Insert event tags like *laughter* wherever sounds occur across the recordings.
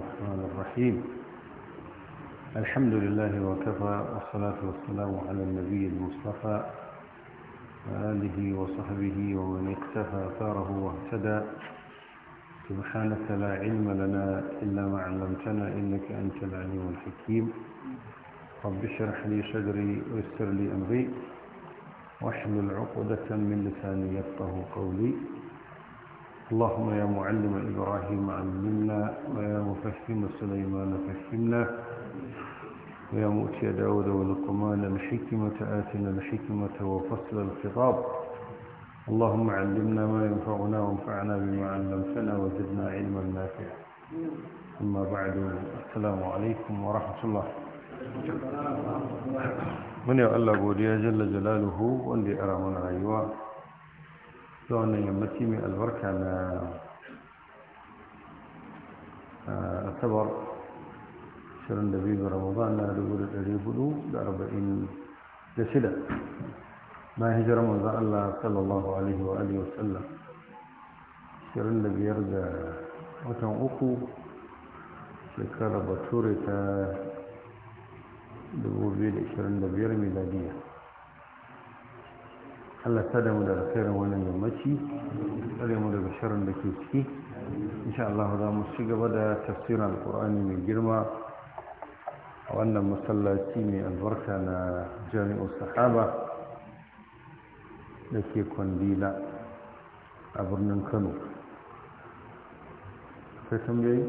الرحمن الرحيم الحمد لله وكفى والصلاة والسلام على النبي المصطفى وآله وصحبه ومن اقتفى ثاره واهتدى سبحانك لا علم لنا إلا ما علمتنا إنك أنت العليم الحكيم رب اشرح لي صدري ويسر لي أمري واحلل عقدة من لساني يفقه قولي اللهم يا معلم إبراهيم علمنا ويا مفهم سليمان فهمنا ويا مؤتي داود ولقمان الحكمة آتنا الحكمة وفصل الخطاب اللهم علمنا ما ينفعنا وانفعنا بما علمتنا وزدنا علما نافعا أما بعد السلام عليكم ورحمة الله من يؤلف ولي جل جلاله واللي أرى من أيوه ta wannan yammaci mai albarka na asabar 22 ramadan na 1446 bayan hijirar manzan Allah sallallahu alaihi wa alihi wasallam 25 ga watan uku shekarar bature ta 2025 miladiyya Allah ta mu da alkhairin wannan yammaci tsare mu daga sharin da ke ciki insha Allah za mu ci gaba da tafsirin alkur'ani mai girma a wannan masallaci mai albarka na jami'u sahaba da ke kwandila a birnin kano kai tambayi?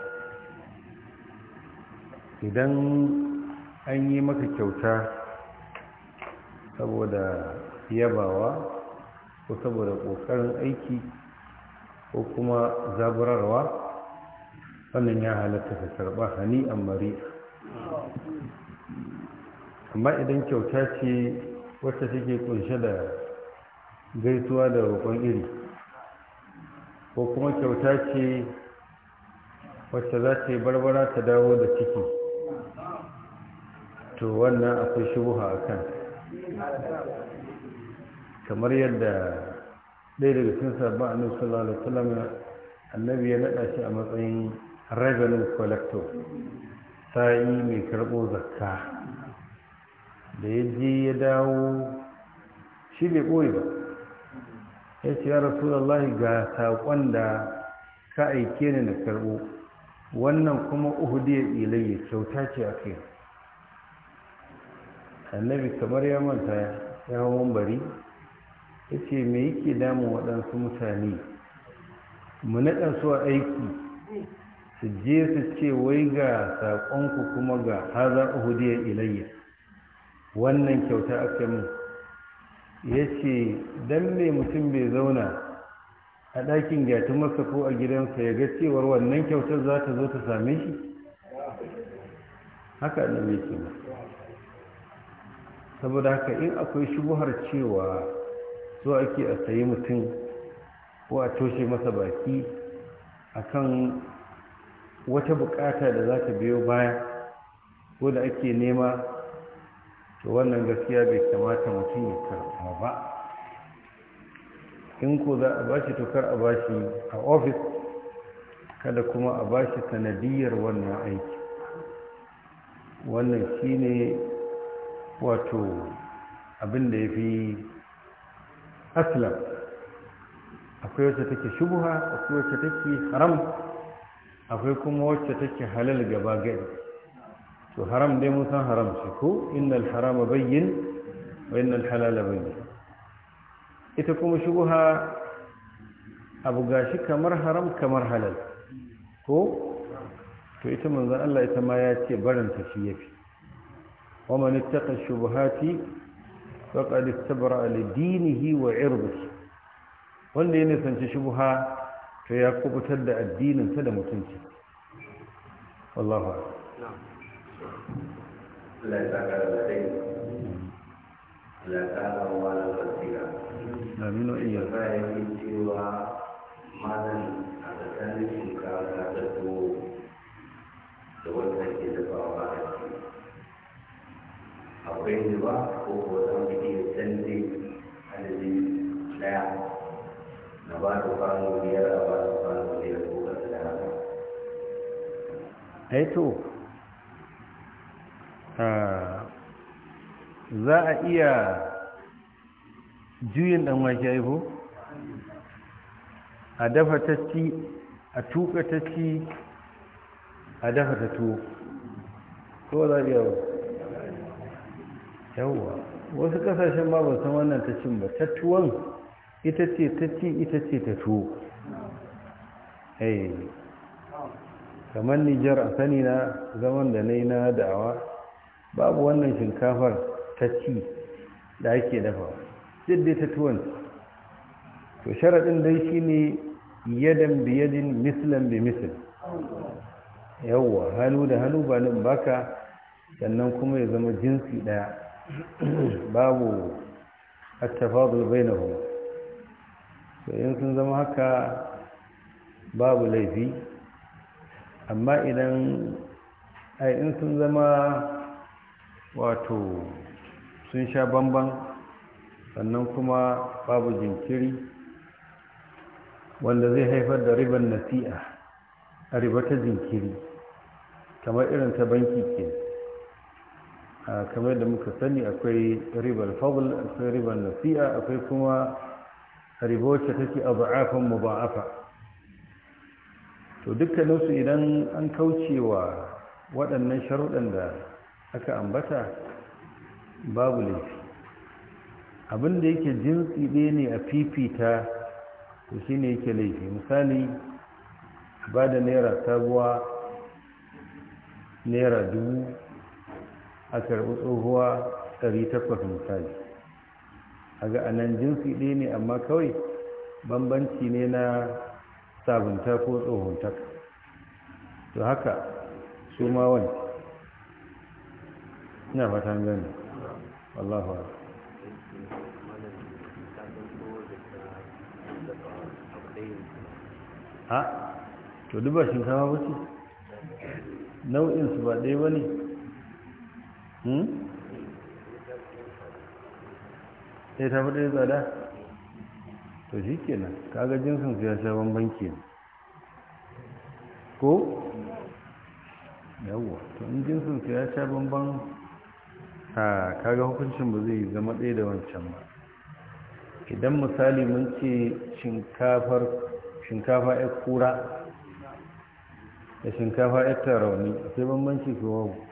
idan an yi maka kyauta saboda yabawa ko saboda ƙoƙarin aiki ko kuma zaburarwa wannan ya halatta ka karɓa hani a mari amma idan kyauta ce wacce take kunshe da gaisuwa da roƙon iri ko kuma kyauta ce wacce za ta yi barbara ta dawo da ciki to wannan akwai shubuha a kan kamar yadda ɗaya daga cikin sabon annabi sallallahu alaihi wasallam annabi ya naɗa shi a matsayin revenue collector sa'i mai karɓo zakka da ya je ya dawo shi bai ɓoye ba ya ce ya rasulallah ga saƙon da ka aike ni na karɓo wannan kuma uhudiyar ilayya kyauta ce a kai annabi kamar ya manta ya hawan bari ya ce me yake damun waɗansu mutane mu naɗa su a aiki su je su ce wai ga saƙonku kuma ga haza uhudiyar ilayya wannan kyauta aka min ya ce don mai mutum bai zauna a ɗakin gyatu masa ko a gidansa ya ga cewar wannan kyautar za ta zo ta same shi haka annabi ke masu saboda haka in akwai shubuhar cewa so ake a sayi mutum ko a toshe masa baki akan wata bukata da za ta biyo baya ko da ake nema to wannan gaskiya bai kamata mutum ya karɓa ba in ko za a bashi tokar a bashi a ofis kada kuma a bashi sanadiyar wannan aiki wannan shine wato abin da ya fi aslam akwai wacce take shubuha akwai wacce take haram akwai kuma wacce take halal gaba gari to haram dai mun san haram shi ko innal harama bayyin wa innal halala bayyin ita kuma shubuha abu gashi kamar haram kamar halal ko to ita manzon Allah ita ma ya ce barin ta shi yafi ومن اتقى الشبهات فقد استبرأ لدينه وعرضه wanda ya nisanci shubha to ya kubutar da addininsa da mutunci wallahu Allah ya saka da sai Allah ya saka wa da basira amin wa iya sai cewa malam a tsakanin shinkafa da tuwo da wanda ke dafawa a cikin akwai ba ko ko za mu iya tsalle adadin daya na ba da kwano biyar a ba da kwano biyar ko kasa da haka. ai eh to za a iya juyin dan wake aiko a dafa tacci a tuka tacci a dafa ta tuwo ko za a iya ba yawwa wasu kasashen ma ba san wannan ta cin ba Tattuwan ita ce ta ci ita ce ta tuwo eh. kamar Nijar a sani na zaman da na yi na da'awa babu wannan shinkafar ta ci da ake dafa dai ta tuwon to sharaɗin dai shi ne yadan biyadin mislan bi mislan yawwa hannu da hannu ba nan baka sannan kuma ya zama jinsi ɗaya *clears throat* babu attafadul bainahum to in sun zama haka babu laifi amma idan ai in sun zama wato sun sha bamban sannan kuma babu jinkiri wanda zai haifar da ribar nasi'a a ribata ta jinkiri kamar irin ta banki ke kamar da muka sani akwai ribar fadl akwai ribar nasi'a akwai kuma ribocce take abu'afan muba'afa to dukkaninsu idan an kaucewa waɗannan sharuɗan da aka ambata babu laifi abin da yake jinsi ɗaya ne a fifita to shi ne yake laifi misali ba da naira sabuwa naira dubu a karɓi tsohuwa 800 misali a ga anan jinsi ɗaya ne amma kawai bambanci ne na sabunta ko tsohonta to haka su ma wani ina fatan gani Allahu ha to duba shinkafa wuce nau'insu ba ɗaya ba ne Hmm? sai ta fi ɗaya tsada to shi ke nan kaga jinsin su ya sha bambanki ne ko yawwa to in jinsin su ya sha bamban a kaga hukuncin ba zai zama ɗaya da wancan ba idan misali mun ce shinkafar shinkafa ya kura da shinkafa ya tarauni sai bambanci su wawo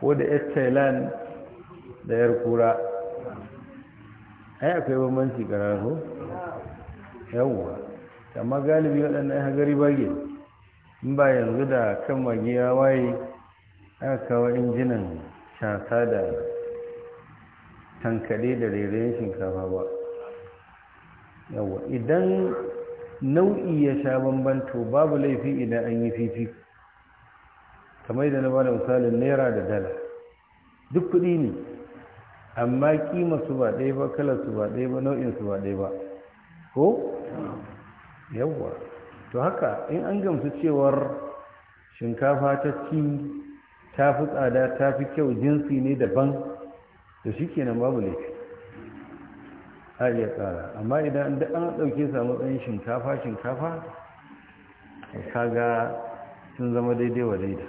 ko da yar thailand da yar kura ai akwai bambanci kararro yawwa amma galibi waɗannan ya hagari bage in ba yanzu da kan magiya waye aka kawo injinan shasa da tankade da rairayin shinkafa ba yawa idan nau'i ya sha bambanto babu laifi idan an yi fifi kamar da na ba da misalin naira da dala duk kuɗi ne amma kima su ba ɗaya ba kalar su ba ɗaya ba nau'in su ba ɗaya ba ko yawwa to haka in an gamsu cewar shinkafa ta ci ta fi tsada ta fi kyau jinsi ne daban da shi kenan babu laifi a iya tsara amma idan an an ɗauke su a matsayin shinkafa shinkafa kaga sun zama daidai wa daidai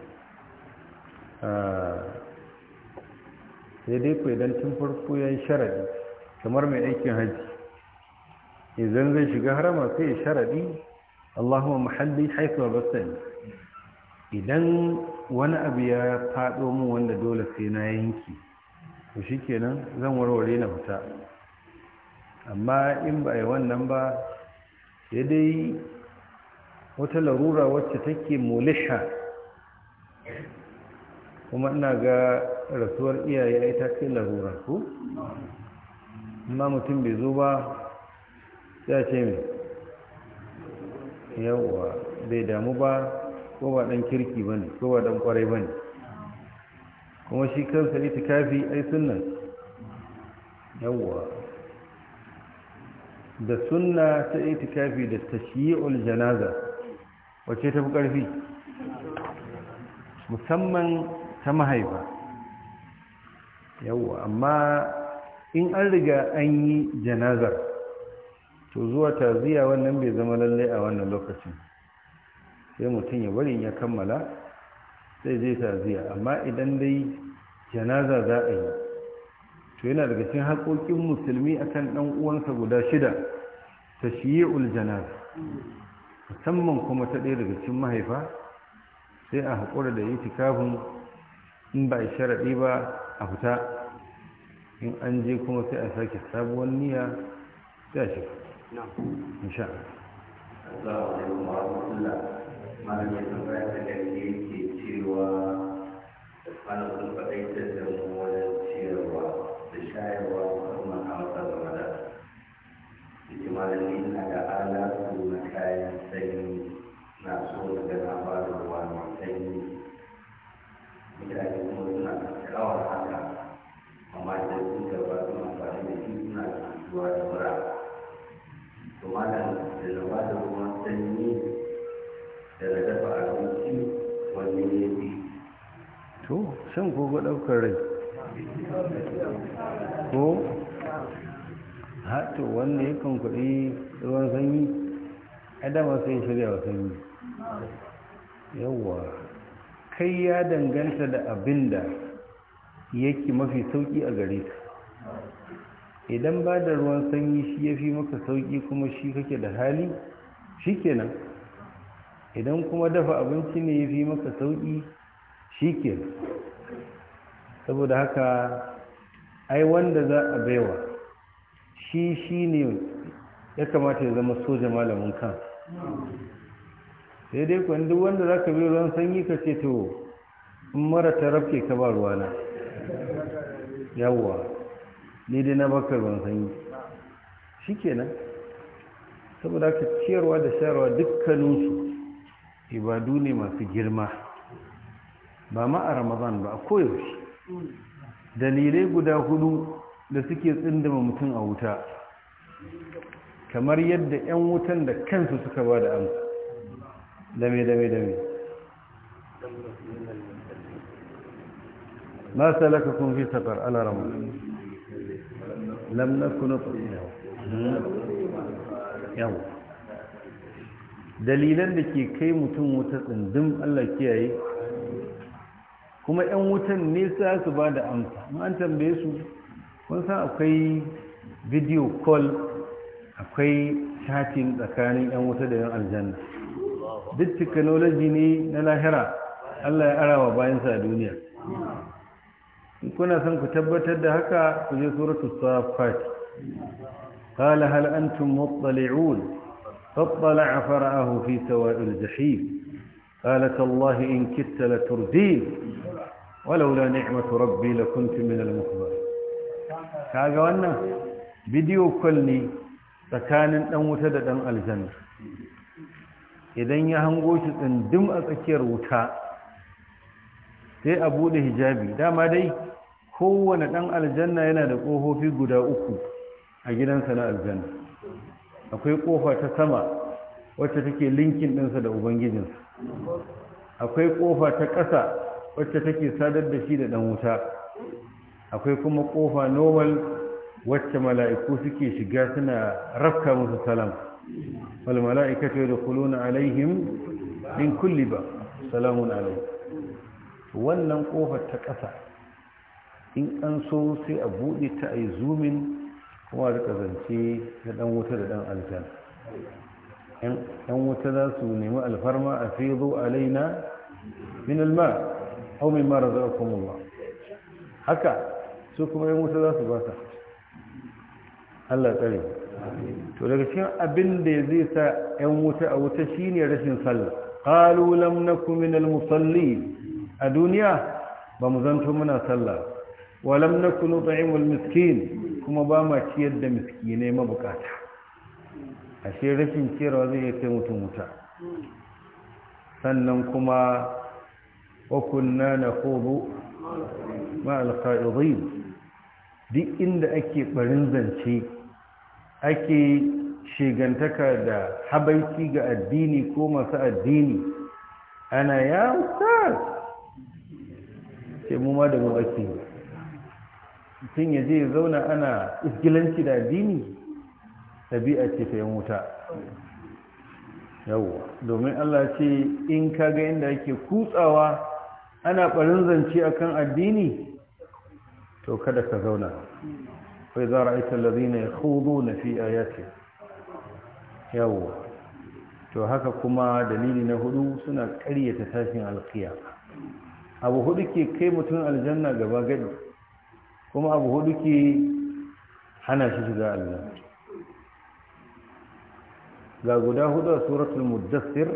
Eh, sai dai ku idan tun farko ya yi sharadi kamar mai aikin hajji idan zai shiga harama sai ya sharadi allahumma muhalli haifuwa basani idan wani abu ya faɗo min wanda dole sai na yanki to shi kenan zan warware na fita amma in ba yi wannan ba sai dai wata larura wacce take mulisha kuma ina ga rasuwar iyaye ai ta kai larura ko amma mutum bai zo ba ya ce mai yawwa bai damu ba ko ba dan kirki ba ne ko ba dan kwarai ba ne kuma shi kansa kafi ai sunna yawwa da sunna ta itikafi da tashyi'ul janaza wacce ta fi ƙarfi musamman ta mahaifa yawwa amma in an riga an yi janazar to zuwa taziya wannan bai zama lallai a wannan lokacin sai mutum ya bari ya kammala sai zai taziya amma idan dai janaza za a yi to yana daga cikin haƙoƙin musulmi akan ɗan uwansa guda shida ta ul janaza musamman kuma ta ɗaya daga cikin mahaifa sai a haƙura da tikafin in ba sharaɗi ba a fita in an je kuma sai a sake sabuwar niyya sai a shi insha Allah malam ya tambaya ta gari ke cewa da kwanan sun faɗaita da ko ɗaukar rai ko hatu wanda ya kuɗi ruwan sanyi adama sai shirya wa sanyi yawwa kai ya danganta da abin da yake mafi sauƙi a gare ka idan ba da ruwan sanyi shi ya fi maka sauƙi kuma shi kake da hali shi kenan idan kuma dafa abinci ne ya fi maka sauƙi shi kenan saboda haka ai wanda za a baiwa shi shi ne ya kamata ya zama soja malamin kan sai dai kwan wanda za ka ruwan sanyi ka ce to in mara ta rafke ka ba ruwana yawwa ni dai na baka ruwan sanyi shi kenan saboda ka ciyarwa da shayarwa dukkaninsu ibadu ne masu girma ba ma a ramadan ba a koyaushe dalilai guda hudu da suke tsindama mutum a wuta kamar yadda 'yan wutan da kansu suka ba da amsa dame dame dame ma salaka kun fi safar ala ramu lam na kuna yau dalilan da ke kai mutum wuta tsindin allah kiyaye kuma 'yan wutan nesa su ba da amsa an tambaye su kun san akwai video call akwai chatting tsakanin 'yan wuta da 'yan aljanna duk technology ne na lahira allah ya arawa bayansa a duniya kuna son ku tabbatar da haka ku je suratu safat قال هل أنتم مطلعون فاطلع فرأه في سواء الجحيم قالت الله إن كدت لتردين walaula ni'matu rabbi lakuntu min al kaga wannan bidiyo call ne tsakanin dan wuta da dan aljanna idan ya hango shi tsindim a tsakiyar wuta sai a bude hijabi dama dai kowane dan aljanna yana da kofofi guda uku a gidansa na aljanna akwai kofa ta sama wacce take linkin ɗinsa da ubangijinsa akwai kofa ta ƙasa wacce take sadar da shi da ɗan wuta akwai kuma ƙofa normal wacce mala'iku suke shiga suna rafka musu salam wal mala'ikatu yadkhuluna alaihim min kulli ba salamun alaikum wannan ƙofar ta ƙasa in an so sai a buɗe ta a yi kuma a rika zance na ɗan wuta da ɗan aljan ɗan wuta za su nemi alfarma a fezo alaina min alma aw mimma razaqakumullah haka su kuma yan wuta za su ba ta Allah tsare to daga cikin abin da zai sa yan wuta a wuta shi ne rashin sallah qalu lam kumin minal musallin a duniya ba mu zanto muna sallah wa lam nakunu ta'imul miskin kuma ba ma ciyar da miskinai mabukata ashe rashin ciyarwa zai kai mutum wuta sannan kuma وكنا نخوض مع الخائضين duk inda ake barin zance ake shigantaka da habaiki ga addini ko masu addini ana ya ustaz ce mu ma da mu ake mutum ya je zauna ana isgilanci da addini ɗabi'a ce ta yan wuta yawwa domin allah ce in kaga inda ake kutsawa ana ɓarin zance akan addini to kada ka zauna kai za ra'aita lazina ya hudu na fi ayati yawo to haka kuma dalili na hudu suna karyata tashin alkiya abu hudu ke kai mutum aljanna gaba gadi kuma abu hudu ke hana shi shiga aljanna ga guda hudu a suratul muddassir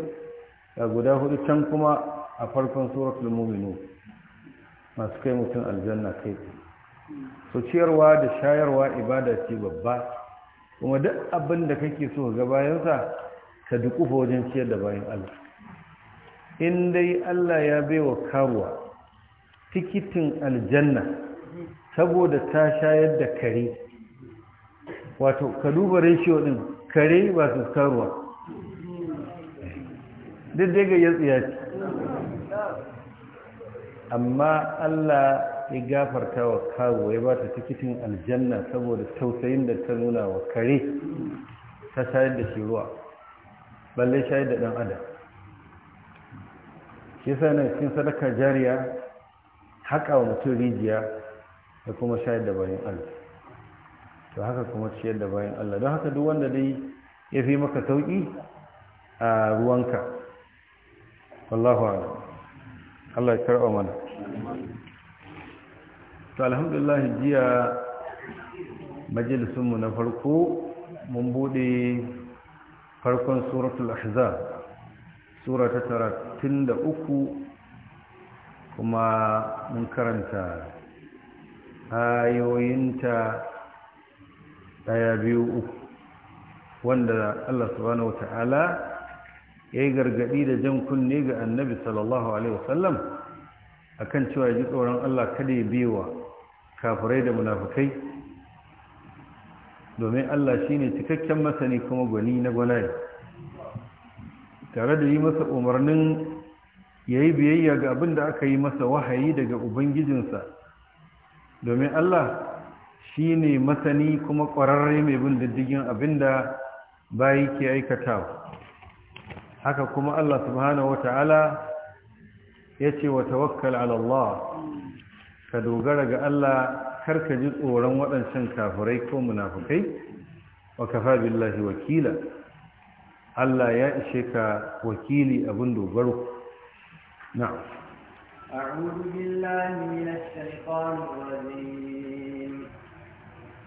ga guda hudu can kuma a farkon al mu'minu masu kai mutum aljanna kai so ciyarwa da shayarwa ibada ce babba kuma duk abin da kake so ga bayansa ka dukufa wajen ciyar da bayan Allah in dai Allah ya bai wa karuwa tikitin aljanna saboda ta shayar da kare wato ka duba ratio din kare ba su karuwa duk daga ya tsiyaci amma Allah ya gafarta wa kawo ya ba ta tikitin aljanna saboda tausayin da ta nuna wa kare ta shayar da shi ruwa balle shayar da ɗan adam shi ne cikin sadaka jariya haƙa wa mutum rijiya da kuma shayar da bayan allah to haka kuma shayar da bayan allah don haka duk wanda dai ya fi maka sauƙi a ruwanka wallahu a'lam Allah ya karɓa mana to alhamdulillah jiya majalisunmu na farko mun buɗe farkon suratul ahzab sura ta talatin da uku kuma mun karanta ayoyinta ɗaya biyu uku wanda Allah subhanahu wa ta'ala ya yi gargaɗi da jan kunne ga annabi sallallahu alaihi wasallam a kan cewa ji tsoron allah kada ya wa kafirai da munafukai domin allah shi ne cikakken masani kuma gwani na gwanaye tare da yi masa umarnin ya yi biyayya ga abin da aka yi masa wahayi daga ubangijinsa domin allah shi ne masani kuma ƙwararre mai bin diddigin abin da bayi ke aikatawa haka kuma Allah subhanahu wata'ala ya ce wa tawakkal ala Allah ka dogara ga Allah kar ka ji tsoron waɗancan kafirai ko munafukai wa kafa billahi wakila Allah ya ishe ka wakili abin dogaro na'am أعوذ بالله من الشيطان الرجيم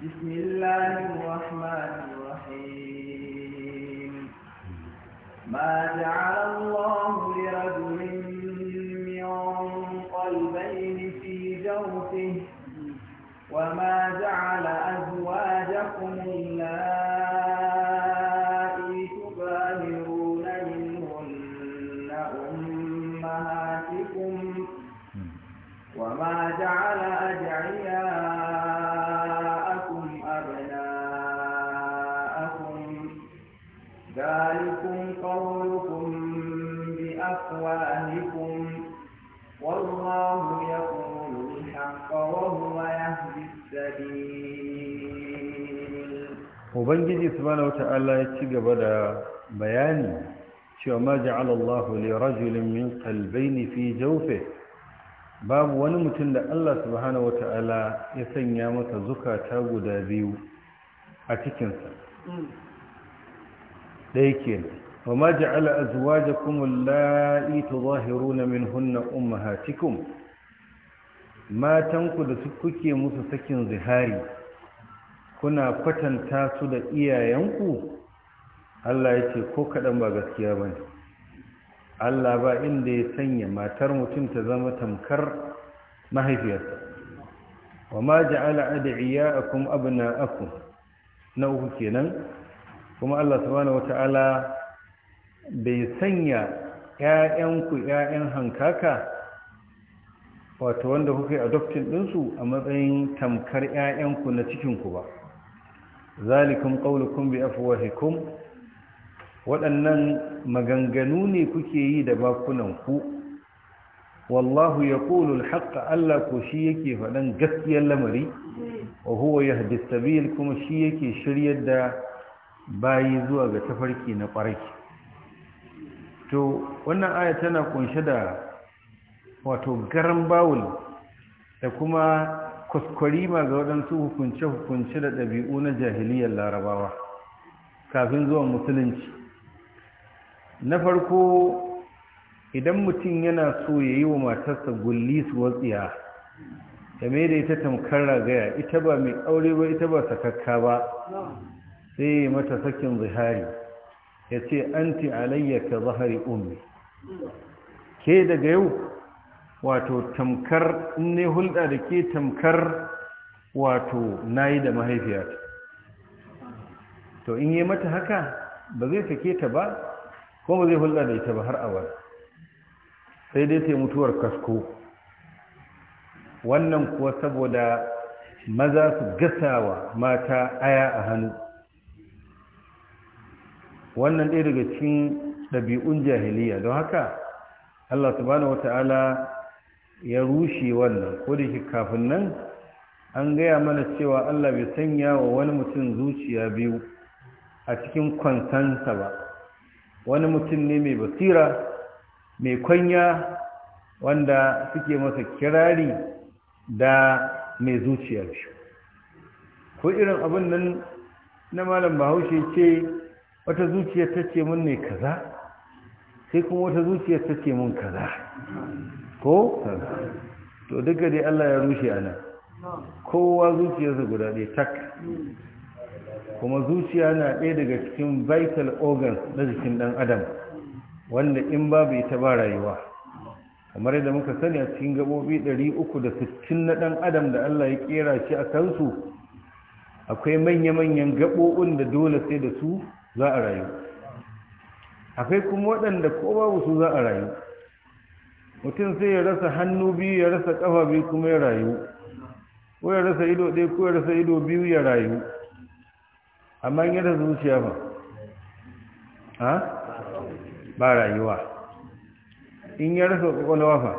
بسم الله الرحمن الرحيم ما جعل الله لرجل من قلبين في جوفه وما جعل أزواجكم الله ubangiji subhanahu wata'ala ya ci gaba da bayani cewa ma ja'ala Allah li rajulin min qalbayni fi jawfi babu wani mutum da Allah subhanahu wata'ala ya sanya masa zukata guda biyu a cikin sa dai kenan wa ma ja'ala azwajakum allati tudahiruna minhunna ummahatikum matan ku da kuke musu sakin zihari kuna kwatanta su da iyayenku Allah ya ce ko kaɗan ba gaskiya ba Allah ba inda ya sanya matar mutum ta zama tamkar mahaifiyarsa wa ma ja'ala ad'iyakum abna'akum na uku kenan kuma Allah subhanahu wata'ala bai sanya ƴaƴanku ƴaƴan hankaka wato wanda kuke adoption ɗinsu a matsayin tamkar ƴaƴanku na cikinku ba zalikum qaulukum bi afwahikum waɗannan maganganu ne kuke yi da bakunanku wallahu yaqulu haƙa Allah ko shi yake faɗan gaskiyar lamari wa huwa yahdi sabil kuma shi yake shiryar da bayi zuwa ga tafarki na ƙwarai to wannan aya tana kunshe da wato garan bawul da kuma ma ga waɗansu hukunce-hukunce da ɗabi'u na jahiliyar larabawa kafin zuwan musulunci na farko idan mutum yana so ya yi wa matarsa gulli su watsiya ya mai da ita tamkar ragaya ita ba mai aure ba ita ba sakakka ba sai ya mata sakin zihari ya ce anti alayya ka zahari ummi ke daga yau wato tamkar in ne hulɗa da ke tamkar wato na yi da mahaifiyata to in yi mata haka ba zai sake ta ba ko ba zai hulɗa da ita ba har awar sai dai sai mutuwar kasko wannan kuwa saboda maza su gasawa mata aya a hannu wannan ɗaya daga cikin ɗabi'un jahiliya don haka Allah subhanahu ta'ala ya rushe wannan ko da shi kafin nan an gaya mana cewa Allah bai sanya wa wani mutum zuciya biyu a cikin kwansansa ba wani mutum ne mai basira mai kwanya wanda suke masa kirari da mai zuciya biyu ko irin abin nan na malam bahaushe ce wata zuciya ta ce mun ne kaza sai kuma wata zuciya ta ce mun kaza ko to duka dai Allah ya rushe ana kowa zuciyarsa guda ɗaya tak kuma zuciya na ɗaya daga cikin vital organs na jikin ɗan adam wanda in babu ita ba rayuwa kamar yadda muka sani a cikin da sittin na ɗan adam da Allah ya ƙera shi a kansu akwai manya-manyan gaɓoɓin da dole sai da su za a rayu akwai kuma waɗanda ko babu su za a rayu mutum sai ya rasa hannu biyu ya rasa kafa biyu kuma ya rayu ko ya rasa ido ɗaya ko ya rasa ido biyu ya rayu amma in yadda zuciya ba ha ba rayuwa in ya rasa kwakwalwa fa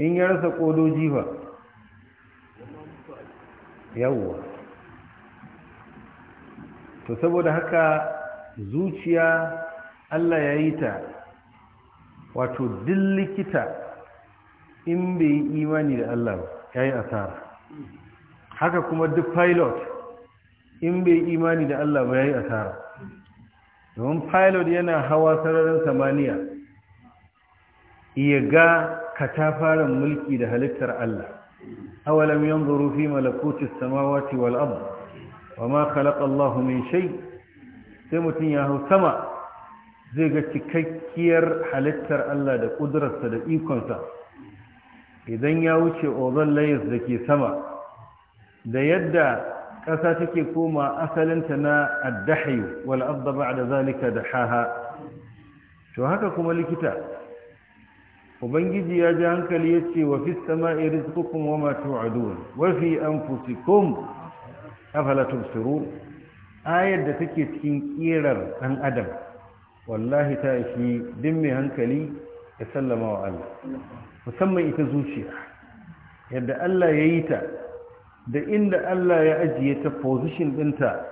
in ya rasa kodoji fa yawwa to saboda haka zuciya Allah ya yi ta wato din likita in bai yi imani da Allah ya yi asara haka kuma duk pilot in bai yi imani da Allah ba ya yi asara domin pilot yana hawa sararin samaniya iya ga katafaren mulki da halittar Allah أولم ينظروا في ملكوت السماوات والأرض وما خلق shai. Sai mutum ya hau sama. zai ga cikakkiyar halittar Allah da ƙudurarsa da ikonsa idan ya wuce ozon layis da ke sama da yadda ƙasa take koma asalinta na addahi wal abda da zalika da haha to haka kuma likita ubangiji ya ji hankali ya ce wa fi sama'i rizqukum wa ma tu'adun wa fi anfusikum afala tubsirun ayar da take cikin ƙirar ɗan adam wallahi ta shi duk mai hankali ya sallama wa Allah musamman ita zuciya yadda Allah ya yi ta da inda Allah ya ajiye ta position ɗinta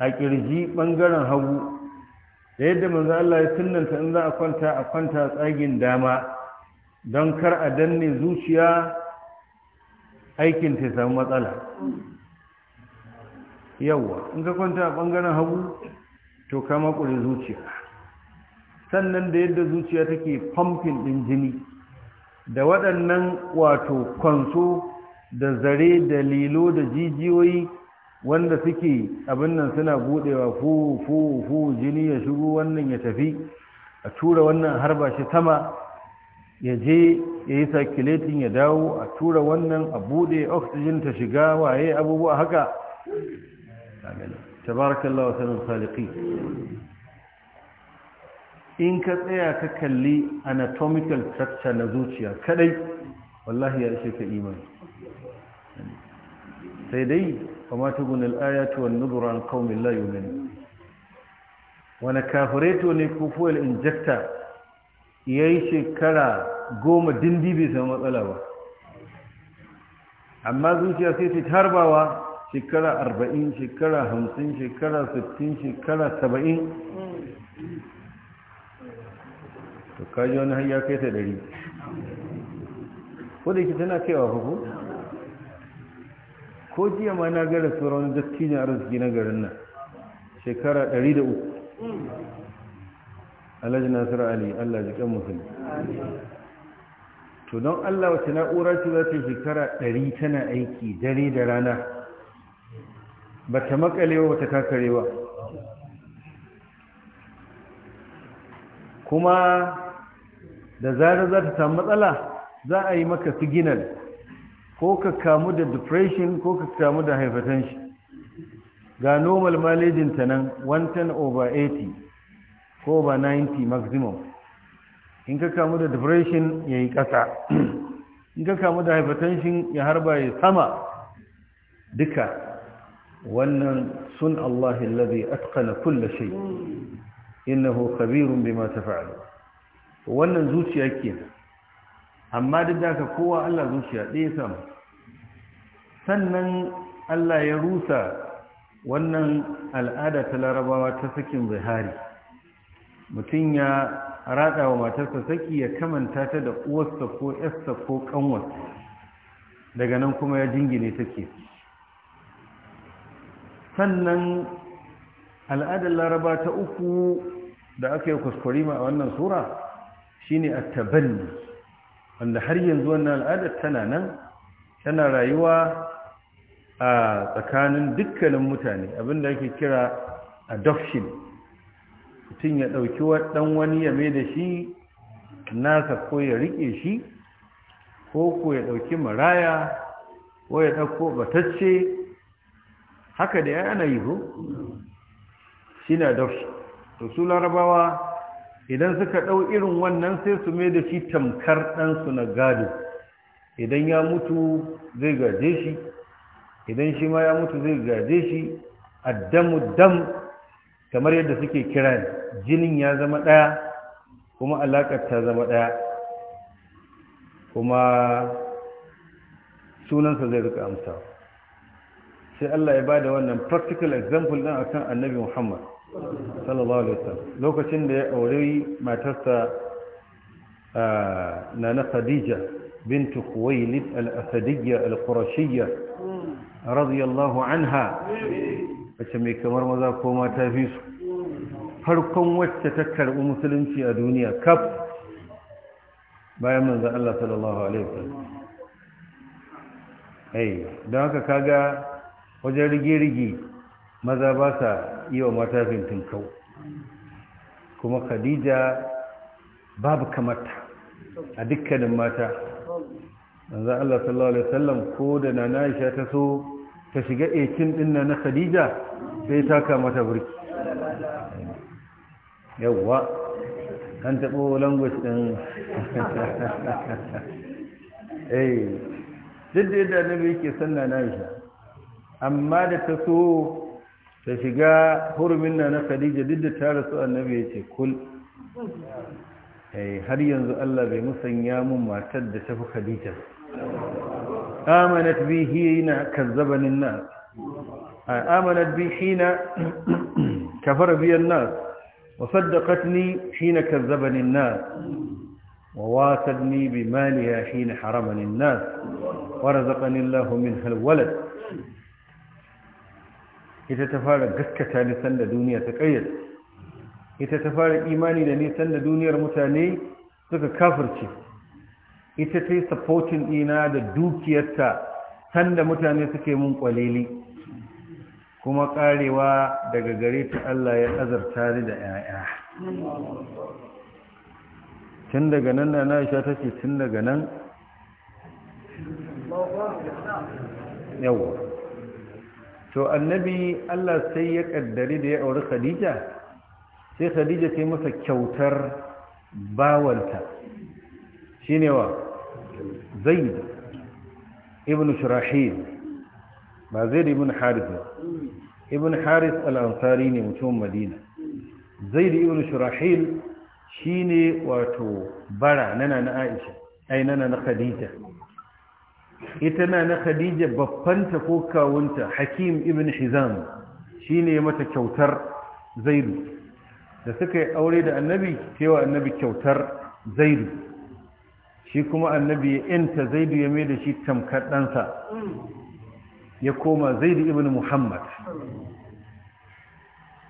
a ƙirji ɓangaren hagu da yadda manzo Allah ya sunnanta in za a kwanta a kwanta tsagin dama don kar a danne zuciya aikin ta samu matsala yawwa in ka kwanta a ɓangaren hagu to kama kuri zuciya sannan da yadda zuciya take pumping ɗin jini da waɗannan wato kwanso da zare da lilo da jijiyoyi wanda suke abin nan suna buɗewa fu fu fu jini ya shigo wannan ya tafi a tura wannan harba shi sama ya je ya yi circulating ya dawo a tura wannan a buɗe oxygen ta shiga waye abubuwa haka تبارك الله وثنى الخالقين in ka tsaya ka kalli anatomical structure na zuciya kadai wallahi ya ishe ka imani sai dai kuma ta gunin ayatu wa nuzura an qaumin la yu'minu wani kafireto ne ko fuel injector yayi shekara goma dindi bai samu matsala ba amma zuciya sai ta harbawa shekara arba'in shekara hamsin shekara sittin shekara saba'in to kaji wani hanyar kai ta ɗari ko da yake tana kaiwa ko ko jiya ma na gara tsoron dattijan arziki na garin nan shekara ɗari da uku alhaji nasiru ali allah jikin musulmi to don allah wata na'ura ce za ta shekara ɗari tana aiki dare da rana ba ta makalewa ba ta kakare ba kuma da zarar za ta samu matsala za a yi maka siginal ko ka kamu da depression ko ka kamu da hypertension ga normal mileage ta nan 110 over 80 ko over 90 maximum in ka kamu da depression ya yi ƙasa *clears throat* in ka kamu da hypertension ya harba ya sama duka wannan sun Allah alladhi atqana kulla shay innahu khabirun bima taf'alu wannan zuciya kenan amma duk da haka kowa Allah zuciya ɗaya samu. sannan Allah ya rusa wannan al'ada ta larabawa ta sakin Bihari. mutum ya rada wa matarsa saki ya kamanta ta da uwarsa ko yarsa ko kanwarsa daga nan kuma ya jingine take sannan al'adar laraba ta uku da aka yi kuskurima a wannan sura shine at-tabanni wanda har yanzu wannan al'adar tana nan tana rayuwa a tsakanin dukkanin mutane abinda ake kira adoption mutum ya ɗauki ɗan wani ya mai da shi nasa ko ya riƙe shi ko ko ya ɗauki maraya ko ya ɗauko batacce haka da yaya yi ko shi na adoption to su larabawa idan suka ɗau irin wannan sai su mai da shi tamkar ɗansu na gado idan ya mutu zai gaje shi idan shi ma ya mutu zai gaje shi addamu dam kamar yadda suke kira jinin ya zama ɗaya kuma alaƙar ta zama ɗaya kuma sunansa zai rika amsa. sai Allah ya bada wannan practical example ɗin akan annabi Muhammad sallallahu alaihi wasallam lokacin da ya aure matarsa nana Khadija Bintu Khuwailid al-Asadiyya al-Qurashiyya radiyallahu anha wacce mai kamar maza ko mata fi su farkon wacce ta karɓi musulunci a duniya kaf bayan manzon Allah sallallahu alaihi wasallam ai don haka kaga wajen rige-rige maza ba sa yi wa mata fintin kau kuma khadija babu kamata a dukkanin mata manzo Allah sallallahu alaihi wasallam ko da na Aisha ta so ta shiga ekin din na Khadija sai ta kama ta burki yauwa an taɓo language ɗin. *laughs* eh duk da yadda annabi yake sanna na Aisha amma da ta so ta shiga hurumin na na khadija duk da ta rasu annabi ya ce kul eh, har yanzu Allah bai musanya mun matar da fi khadija amanat bi hina kazzabanin nas ah, amanat bi hina *clears throat* kafara biyan nas wa saddaqatni hina kazzabanin nas وواسدني بمالها حين حرمني الناس ورزقني الله منها الولد ita ta fara gaskata ni sanda duniya ta kayyade ita ta fara imani da ni sanda duniyar mutane suka kafirce ita ta yi supporting dina da dukiyarta sanda mutane suke mun kwaleli kuma karewa daga gare ta Allah ya azarta ni da 'ya'ya tun daga nan da na isha tace tun daga nan yawa to annabi Allah sai ya kaddari da ya auri Khadija sai Khadija ta masa kyautar bawanta shine wa Zaid ibn Shurahil ba Zaid ibn Harith ibn Harith al-Ansari ne mutumin Madina Zaid ibn Shurahil shine wato bara nana na Aisha ai nana na Khadija ita na na khadija babbanta ko kawunta hakim ibn hizam shine ne mata kyautar zaidu da suka yi aure da annabi cewa annabi kyautar zaidu shi kuma annabi ya inta zaidu ya mai da shi tamkar ɗansa ya koma zaidu ibn muhammad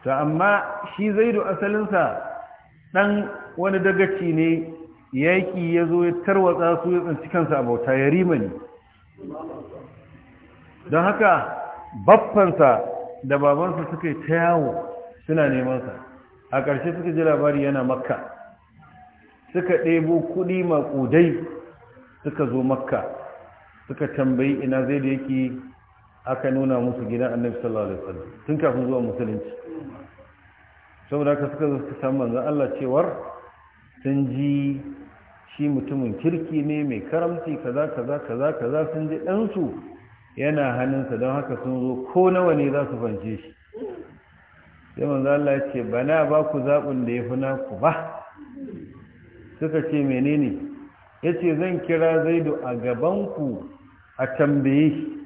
ta amma shi zaidu asalinsa ɗan wani dagaci ne yaƙi ya zo ya tarwatsa su ya tsinci kansa a bauta ya rimani. ne don haka baffansa da babansa suka yi ta yawo suna nemansa a ƙarshe suka ji labari yana makka suka ɗebo kuɗi maƙudai suka zo makka suka tambayi ina zai da yake aka nuna musu gidan annabi sallallahu alaihi wasallam tun kafin zuwa musulunci saboda haka suka zo suka san manzon Allah cewar sun ji shi mutumin kirki ne mai karamci kaza kaza kaza kaza sun ji ɗansu yana hannunsa don haka sun zo ko nawa ne za su fance shi sai manzo Allah ya ce bana ba ku zaɓin da ya fi naku ba suka ce menene ya ce zan kira zaidu a gabanku a tambaye shi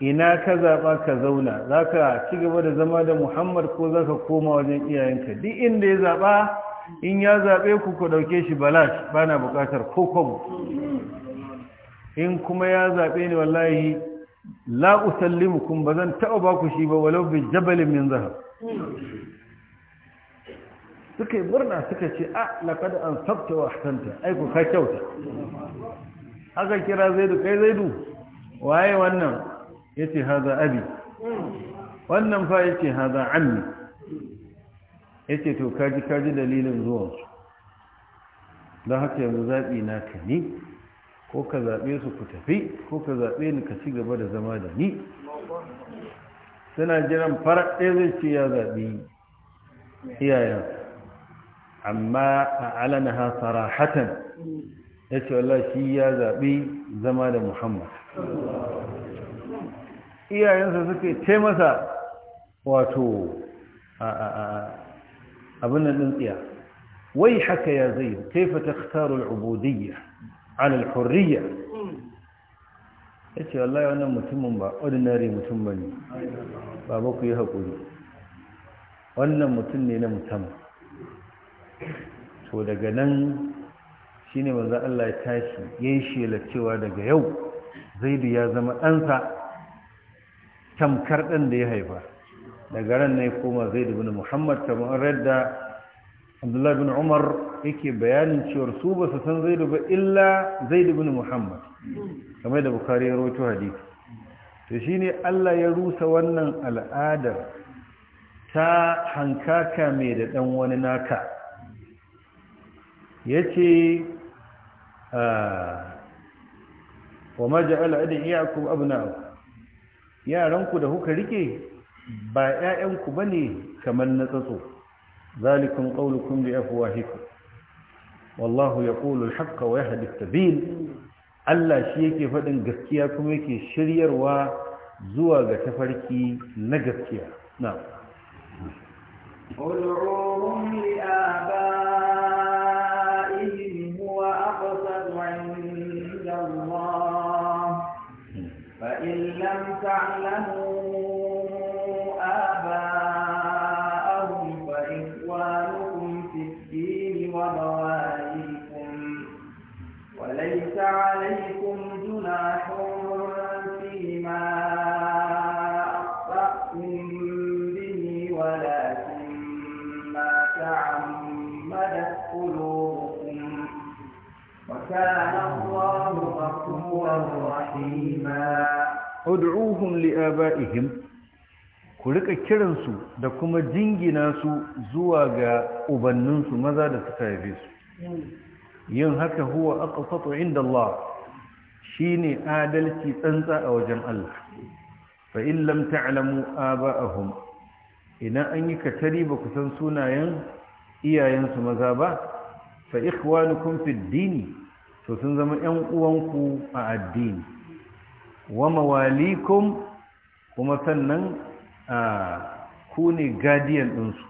ina ka zaɓa ka zauna za ka ci gaba da zama da muhammad ko za ka koma wajen iyayenka duk inda ya zaɓa in ya zaɓe ku ku ɗauke shi balash ba na buƙatar ko in kuma ya zaɓe ni wallahi la usallimukum ba zan taɓa ba ku shi ba walau bi jabalin min zahab suka yi murna suka ce a ah, laƙada an sabta wa hasanta aiku ka kyauta aka kira zaidu kai zaidu waye wannan ya ce haza abi wannan fa ya ce haza anni ya ce to kaji kaji dalilin zuwansu don haka yanzu zaɓi na ka ni ko ka zaɓe su ku tafi ko ka zaɓe ni ka ci gaba da zama da ni suna jiran faraɗe zai ce ya zaɓi iyayen amma a alana ha sarahatan ya ce wallah shi ya zaɓi zama da muhammad iyayensa suke ce masa wato a abin nan tsiya wai haka ya zai kaifa takhtaru al-ubudiyya ala al Ya ce wallahi wannan mutumin ba ordinary mutum bane baba ku yi hakuri wannan mutum ne na mutum. to daga nan shi ne manzo Allah ya tashi yayin shela cewa daga yau zaidu ya zama ɗansa tamkar ɗan da ya haifa daga ran ne koma zaid bin muhammad kamar abdullahi bin umar yake bayanin cewar su ba su san zai ba illa zaid ibn muhammad kamar da bukhari ya rawaito hadisi shi shine Allah ya rusa wannan al'adar ta hankaka mai da dan wani naka yace ah, wa ma ja'ala adiyakum abna'akum yaranku da kuka rike ba 'ya'yanku ba ne kamar na tsatso zalikun ƙaunukun da afuwahikum wallahu ya ƙolul haƙƙa wa ya hadis Allah shi yake faɗin gaskiya kuma yake shiryarwa zuwa ga tafarki na gaskiya na وكان الله غفورا ادعوهم لآبائهم ku rika kiransu da kuma jingina su zuwa ga ubanninsu maza da suka haife su yin haka huwa aqsatu inda Allah shine adalci tsantsa a wajen Allah fa in lam ta'lamu aba'ahum Ina an yi katari ba ku san sunayen iyayensu maza ba fa ikhwanukum fid dini so sun zama ‘yan uwanku a addini wa mawalikum kuma sannan a ku ne guardian ɗinsu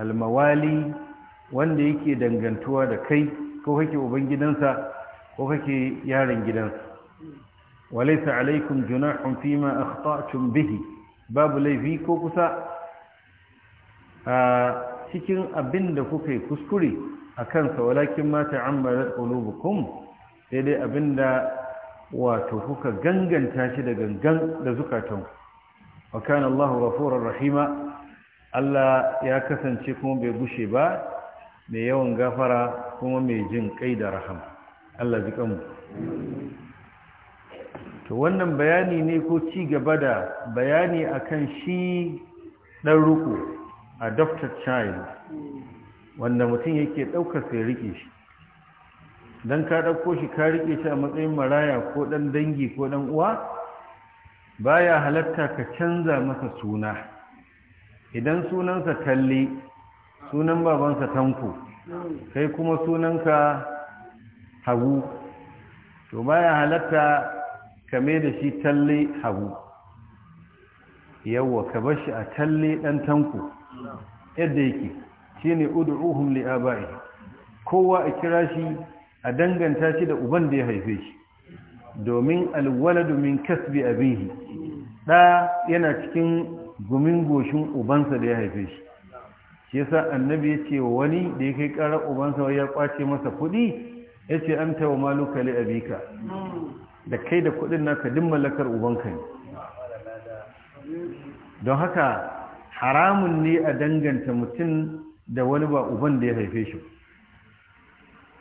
almawali wanda yake dangantuwa da kai ko kake uban gidansa ko kake yaron gidansa walaisa alaikum junahun ma akhta'tum bihi babu laifi ko kusa a cikin abin da kuka yi kuskure a kansa walakin ma ta'ammarat qulubukum sai dai abinda wato kuka ganganta shi da gangan da zukatan wa kana Allah rahima Allah ya kasance kuma bai gushe ba mai yawan gafara kuma mai jin ƙai da rahama Allah ji kanmu to wannan bayani ne ko ci gaba da bayani akan shi ɗan ruku adopted child wanda mutum yake ɗaukar sai riƙe shi don ka ɗauko shi ka riƙe shi a matsayin maraya ko ɗan dangi ko ɗan uwa baya halatta ka canza masa suna idan sunansa kalli sunan babansa tanko kai kuma sunanka hagu to baya halatta ka mai da shi talle hagu yawwa ka bar shi a talle ɗan tanko yadda yake shine ud'uhum li aba'i kowa a kira shi a danganta shi da uban da ya haife shi domin alwaladu min kasbi abihi Ɗa yana cikin gumin goshin ubansa da ya haife shi shi yasa annabi ya ce wani da ya kai ƙarar ubansa ya kwace masa kuɗi ya ce an tawa maluka li da kai da kuɗin naka duk mallakar ubanka ne don haka haramun ne a danganta mutum da wani ba uban da ya haife shi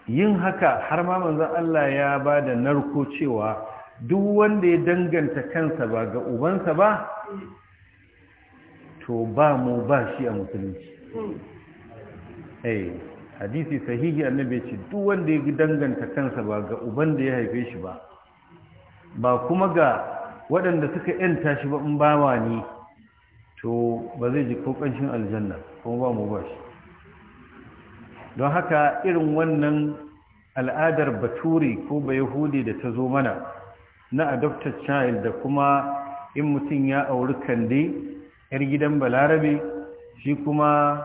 yin haka har ma manzon Allah ya ba da narko cewa duk wanda ya danganta kansa ba ga ubansa ba to ba mu ba shi a musulunci eh hadisi sahihi annabi ce duk wanda ya danganta kansa ba ga uban da ya haife shi ba ba kuma ga waɗanda suka yanta shi ba in bawa ne to ba zai ji ko ƙanshin aljanna kuma ba mu ba shi don haka irin wannan al'adar baturi ko bayahudi da ta zo mana na adopted child da kuma in mutum ya auri kande yar gidan balarabe shi kuma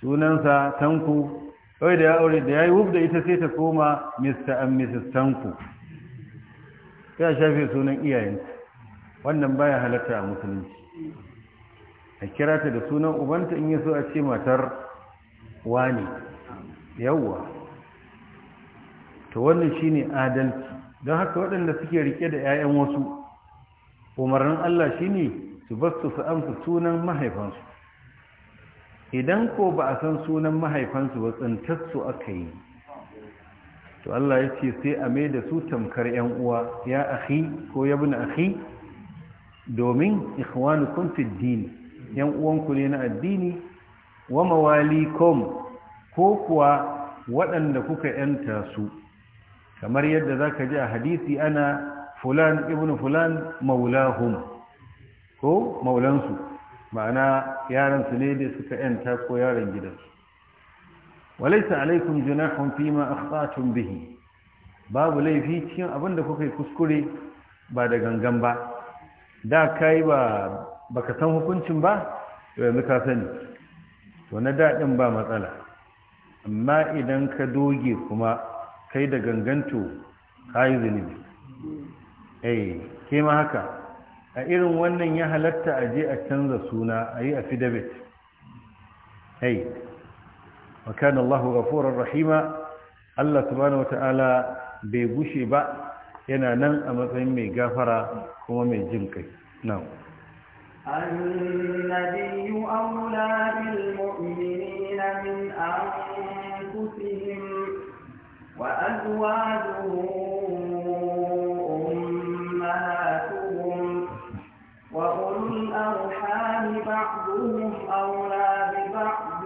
sunansa tanku kawai da ya aure da ya yi da ita sai ta koma mr and mrs tanku ya shafe sunan iyayenta wannan baya halatta a musulunci a kira ta da sunan ubanta in yi so a ce matar wani yawwa to wannan shine adalci don haka waɗanda suke rike da 'ya'yan wasu umarnin Allah shine su basu su amsa sunan mahaifansu idan ko ba a san sunan mahaifansu ba tsintatsu aka yi to Allah ya ce sai a mai da su tamkar 'yan uwa ya akhi ko ya bin akhi domin ikhwanukum fid din yan uwanku ne na addini wa mawalikum ko kuwa waɗanda kuka ‘yanta su kamar yadda za ka ji a hadisi ana fulan ibn fulan maulahum ko maulansu ma'ana yaransu ne da suka ‘yanta ko yaran gidansu walaisa alaikum junahun fi ma akhta'tum bihi babu laifi cikin abinda kuka yi kuskure ba da gangan ba da kai ba baka san hukuncin ba yanzu ka sani to na daɗin ba matsala amma idan ka doge kuma kai da ganganto ka yi zunubi eh ke ma haka a irin wannan ya halatta a je a canza suna a yi affidavit hey eh, wa Allahu rahima Allah subhanahu wata'ala bai gushe ba yana nan a matsayin mai gafara kuma mai jin kai na'am annabi awla bil mu'minin من أنفسهم وأزواجه أمهاتهم وأولو الأرحام بعضهم أولى ببعض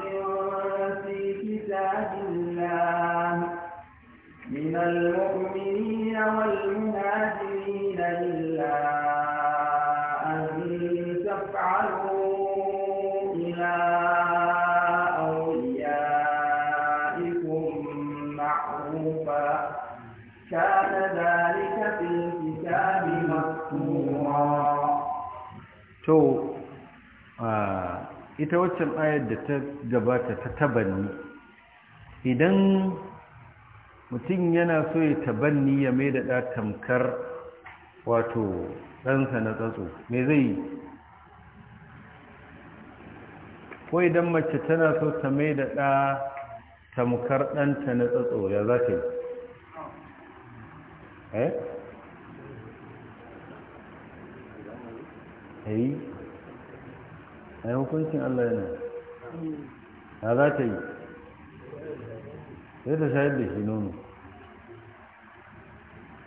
في كتاب الله من المؤمنين والمهاجرين لله ita waccan ayar da ta gabata ta tabanni idan mutum yana so ya tabanni ya mai da tamkar wato ɗansa na tsatso mai zai yi ko idan mace tana so ta mai da ɗa tamkar ɗanta na tsatso ya za ta yi eh? eh? a yi hukuncin Allah yana a za ta yi sai ta shayar da shi nono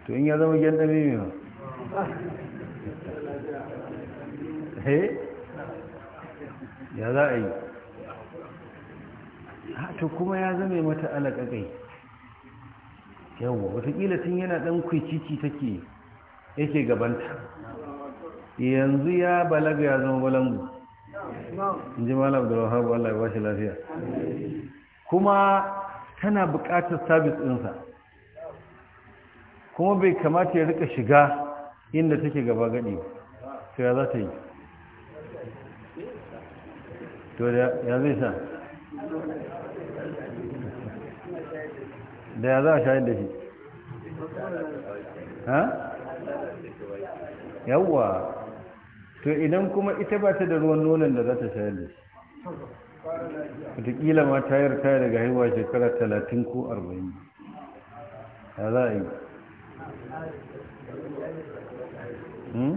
to in ya zama gyan ɗami mai ba ya za a yi to kuma ya zama mata alaƙaƙai yawon watakila tun yana ɗan kwicici take yake gabanta yanzu ya balaga ya zama balangu in ji malam da wahabu Allah ya bashi lafiya kuma tana buƙatar sabis ɗinsa kuma bai kamata ya rika shiga inda take gaba gadi to ya za ta yi to ya zai sa da ya za a shayar da shi ha yawwa to idan kuma ita ba ta da ruwan nonon da za ta shayar da shi wataƙila ma tayar taya daga haihuwa shekara talatin ko arba'in ya za a yi hmm?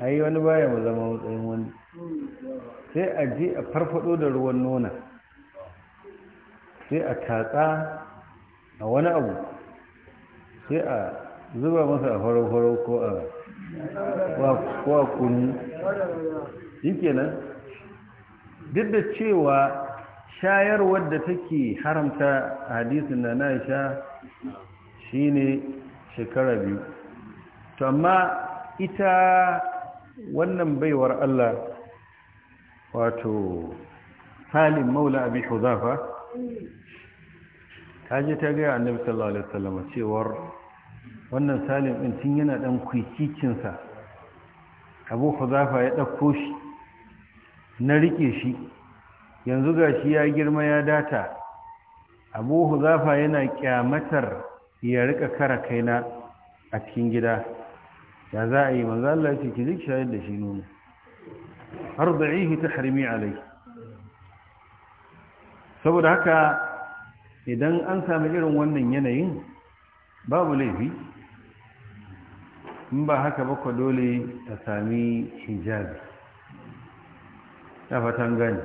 a yi wani baya mu zama matsayin wani sai a je a farfado da ruwan nona sai a tatsa a wani abu sai a zuba masa a farau-farau ko a kwa kunu duk da cewa shayarwar da take haramta hadisin da na sha shi ne shekara biyu to amma ita wannan baiwar Allah wato salim maula abin huzafa ta je ta gaya annabi sallallahu alaihi wasallam cewar wannan salim ɗin tun yana ɗan kwikikinsa abu huzafa ya ɗauko shi na riƙe shi yanzu ga shi ya girma ya data abu huzafa yana ƙyamatar ya riƙa kara kaina a cikin gida ya za a yi manzala ce ki zik shayar da shi nono har da'ihi ta harmi alai saboda haka idan an sami irin wannan yanayin babu laifi in ba haka ba ku dole ta sami hijabi ta fatan gani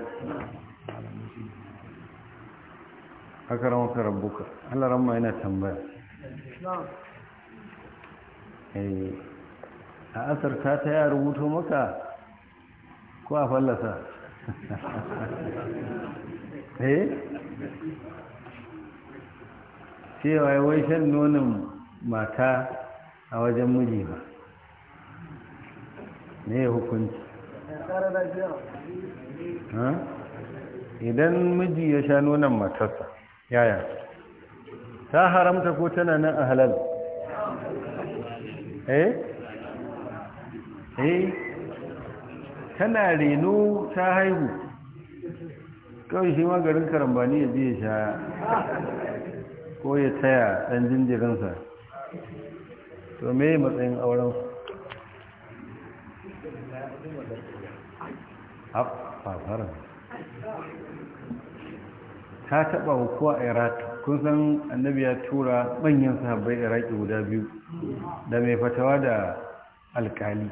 aka ramaka rabuka allah ramma yana tambaya eh, a asar ta ta ya rubuto maka ko a fallasa *laughs* eh cewa wai shan nonin mata a wajen miji ba ne hukunci idan miji ya sha nonon matarsa yaya ta haramta ko tana nan a halal eh eh tana reno ta haihu kawai shi magarin karambani ya biya ya sha ko ya taya ɗan jinjirinsa to me matsayin auren fasarar ta taba hukuwa a iraq kun san annabi ya tura manyan sahabbai iraki guda biyu da mai fatawa da alkali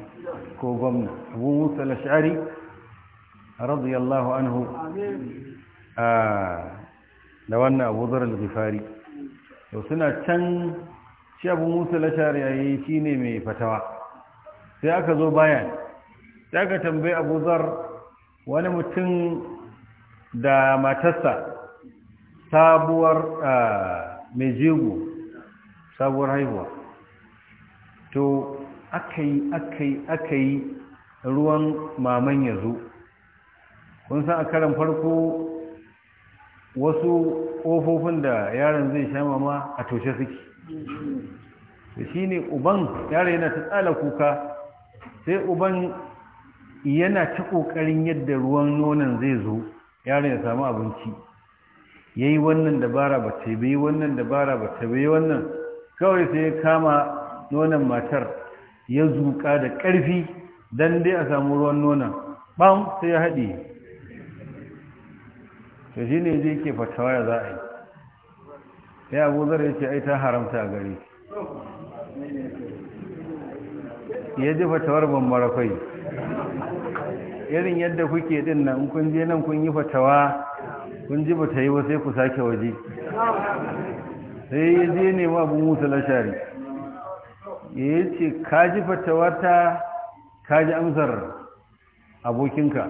ko gwamna abu musa lashari radiyallahu anhu ah, da wannan abu zarar gifari to suna can shi abu musa lashari yayi ne mai fatawa sai aka zo bayan sai aka tambayi abu zar wani mutum da matarsa sabuwar ah, mai jego sabuwar haihuwa to aka yi aka yi aka yi ruwan maman ya zo kun san a karan farko wasu ƙofofin da yaron zai sha mama a toshe suke da shi ne uban yare yana ta tsala kuka sai uban yana ta ƙoƙarin yadda ruwan nonon zai zo yare ya samu abinci ya yi wannan dabara ba ta bai wannan dabara ba ta bai wannan kawai sai ya kama nonon matar ya zuƙa da ƙarfi don dai a samu ruwan nonon ɓan sai ya haɗe to shi ne zai ke fatawa ya za a yi ya abu zara ya ce ai ta haramta a gari ya ji fatawar ban marafai irin yadda kuke din nan kun je nan kun yi fatawa kun ji ba ta yi ba sai ku sake waje sai ya je ne ma abu musa lashari ya yi ce ka ji fatawa ta ka ji amsar abokinka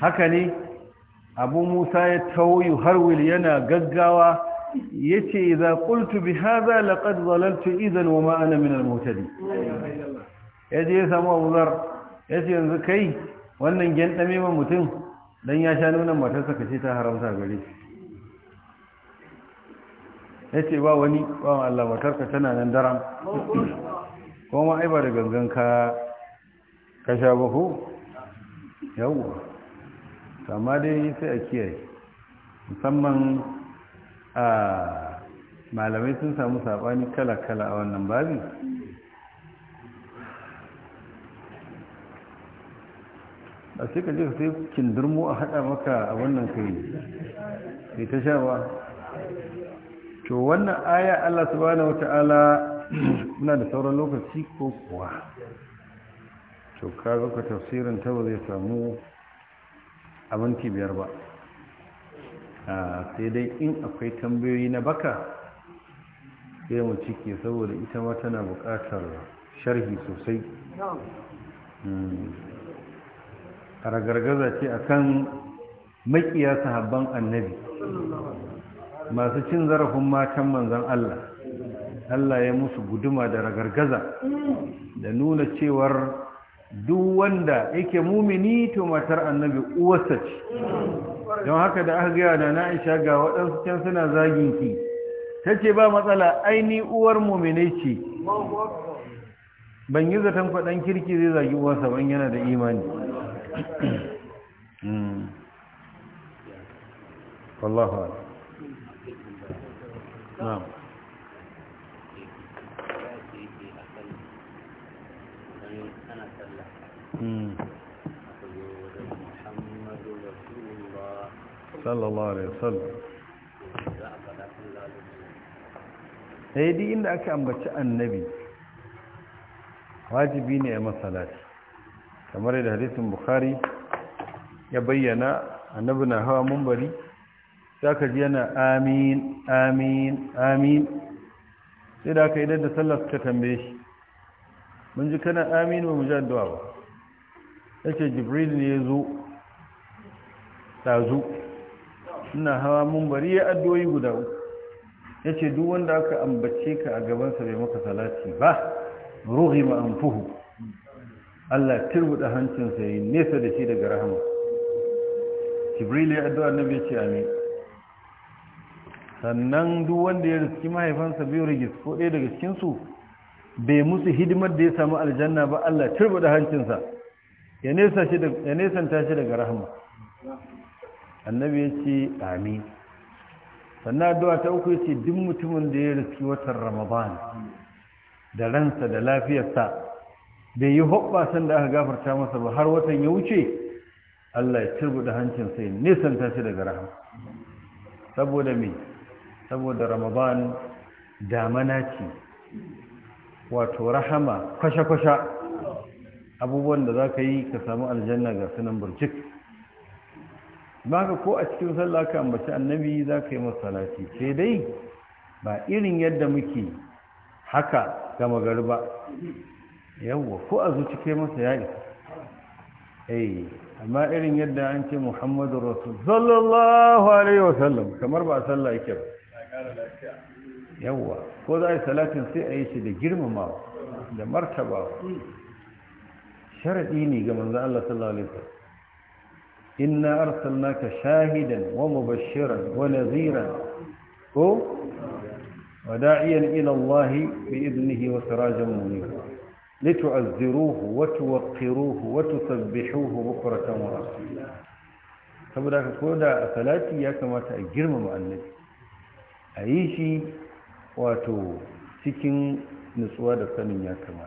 haka ne abu musa ya tauyu har wil yana gaggawa yace idza qultu bi hadha laqad dhalaltu idhan wa ma ana min al-mutadi yaje ya samu Abu yace yanzu kai wannan gendame ma mutum dan ya sha nunan matarsa kace ta haramta gare shi yace ba wani ba Allah matarka tana nan daram kuma ai ba da gangan ka ka sha ba ko yawa amma dai sai a kiyaye musamman A malamai sun samu saɓani kala-kala a wannan babi a sai ka sai kindirmo a haɗa maka a wannan kai ne ta sha ba to wannan aya Allah subhanahu wata'ala *clears throat* muna da sauran lokaci ko kuwa to ka ka tafsirin ta ba zai samu abinci biyar ba sai dai in akwai tambayoyi na baka sai mu cike saboda ita ma tana buƙatar sharhi sosai hmm. a ragargaza ce akan makiya habban annabi masu cin zarafin matan manzan Allah Allah ya musu guduma da ragargaza da nuna cewar duk wanda yake mumini to matar annabi uwarsa ce don haka da aka gaya da na'isha ga waɗansu can suna zagin ta ce ba matsala aini uwar mumini ce ban yi zaton faɗan kirki zai zagi uwarsa ban yana da imani hmm. Allah. na'am sallallahu alaihi wasallam sai inda aka ambaci annabi wajibi ne a masallaci kamar da hadisin bukhari ya bayyana annabi na hawa mumbari saka ji yana amin amin amin sai da aka idan da sallah suka tambaye shi mun ji kana amin ba mu ji ba ya ce jibril ne ya zo ɗazu ina hawa mun bari ya addu'o'i guda ya ce duk wanda aka ambace ka a gabansa bai maka salati ba ruhi ma'amfuhu Allah turbuɗa hancinsa yi nesa da shi daga rahama jibril ya addu'a na bai ce amin sannan duk wanda ya riski mahaifansa biyu rigis ko ɗaya daga cikinsu bai musu hidimar da ya samu aljanna ba Allah turbuɗa hancinsa ya nesanta shi daga rahama annabi ya ce amin sannan addu'a ta uku ya ce duk mutumin da ya riski watan ramadan da ransa da lafiyarsa bai yi san da aka gafarta masa ba har watan ya wuce allah ya hancin hancinsa ya nesanta shi daga rahama saboda me saboda ramadan damana ce wato rahama kwashe-kwashe abubuwan da za ka yi ka samu aljanna ga sunan burcik? ba ka ko a cikin sallah ka ambaci annabi za ka yi masalaci sai dai ba irin yadda muke haka ga magar ba yawwa ko a zuci kai masa ya isa eh amma irin yadda an ce muhammadu rasu sallallahu alaihi wasallam kamar ba sallah yake ba yawwa ko za a yi salatin sai a yi shi da girmamawa da martabawa شرعيني كما أنزل الله صلى الله عليه وسلم إنا أرسلناك شاهدا ومبشرا ونذيرا أو وداعيا إلى الله بإذنه وسراجا منيرا لتعذروه وتوقروه وتسبحوه بكرة وأصيلا سبدا كودا أثلاتي يا كما تأجر ممعنك أيشي واتو سكن نسوى دفن يا كما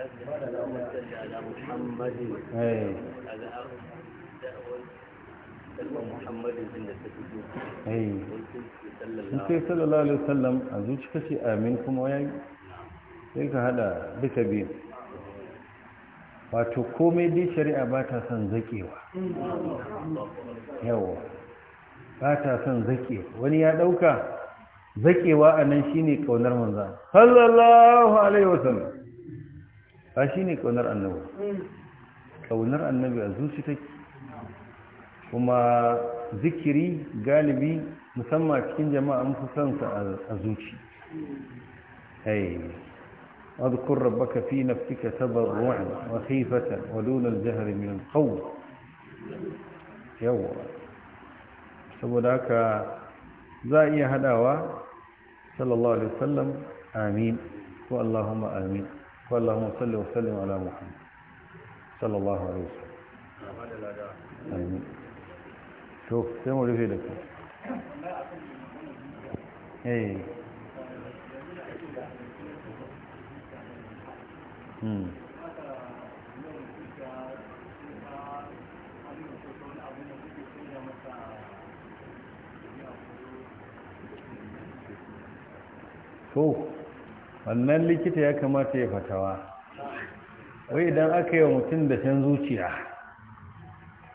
sai sallallahu alaihi wasallam a zuci ce amin kuma ya yi. sai ka hada duka biyu wato komai dai shari'a ba ta son zakewa yawa ba ta son zake wani ya dauka zakewa a nan shine kaunar manzan sallallahu alaihi wasallam ba shi ne ƙaunar annabi hmm. ƙaunar annabi a zuci take kuma zikiri galibi musamman cikin jama'a an fi sansa a zuci واذكر ربك في نفسك تبرعا وخيفة ودون الجهر من القول يوه saboda haka za a iya haɗawa sallallahu alaihi wasallam amin ko amin اللهم صل وسلم على محمد صلى الله عليه وسلم آمين شوف سمعوا لي في ايه اي شوف wannan likita ya kamata ya fatawa wai idan aka yi wa mutum da can zuciya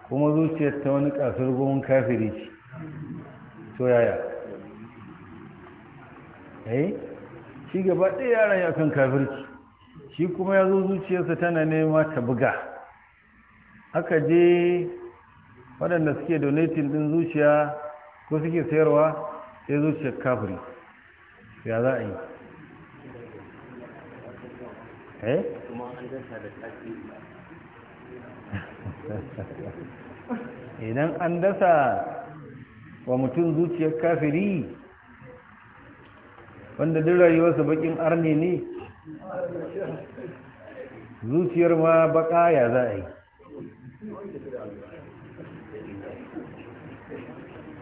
kuma zuciyar ta wani kasar gomin kafiri ce to yaya eh shi gaba ɗaya yaran ya kan kafirci shi kuma ya zo zuciyarsa tana nema ta buga aka je waɗanda suke donatin ɗin zuciya ko suke sayarwa sai zuciyar kafiri ya za a yi eh *laughs* idan an dasa wa mutum zuciyar kafiri wanda duk rayuwarsa bakin arni ne zuciyar ma baka ya za a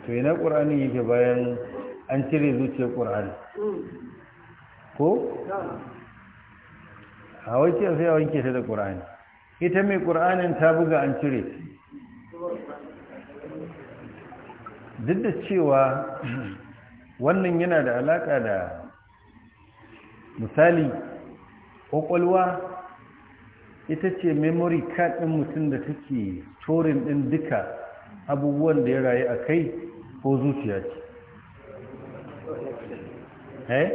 yi to ƙur'ani yake bayan an cire zuciyar ƙur'ani ko? a wace sai a wanke ta da ƙur'ani ita mai ƙur'anin ta buga an cire duk da cewa wannan yana da alaƙa da misali ƙwaƙwalwa ita ce memory card ɗin mutum da take torin ɗin duka abubuwan da ya rayu a kai ko zuciya ce eh?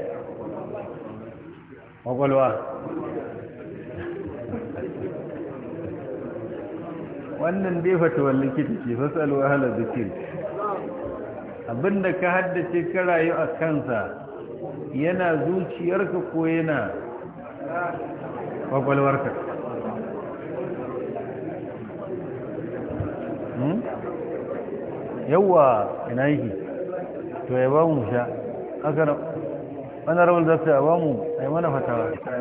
ƙwaƙwalwa wannan dai fatuwar likita ce fasalwa halar zikir abinda ka haddace ka rayu a kansa yana zuciyarka ko yana kwakwalwarka hmm? yawwa ina yi to ya ba mu sha aka na wani rawar zafi a ba mu a yi mana fatawa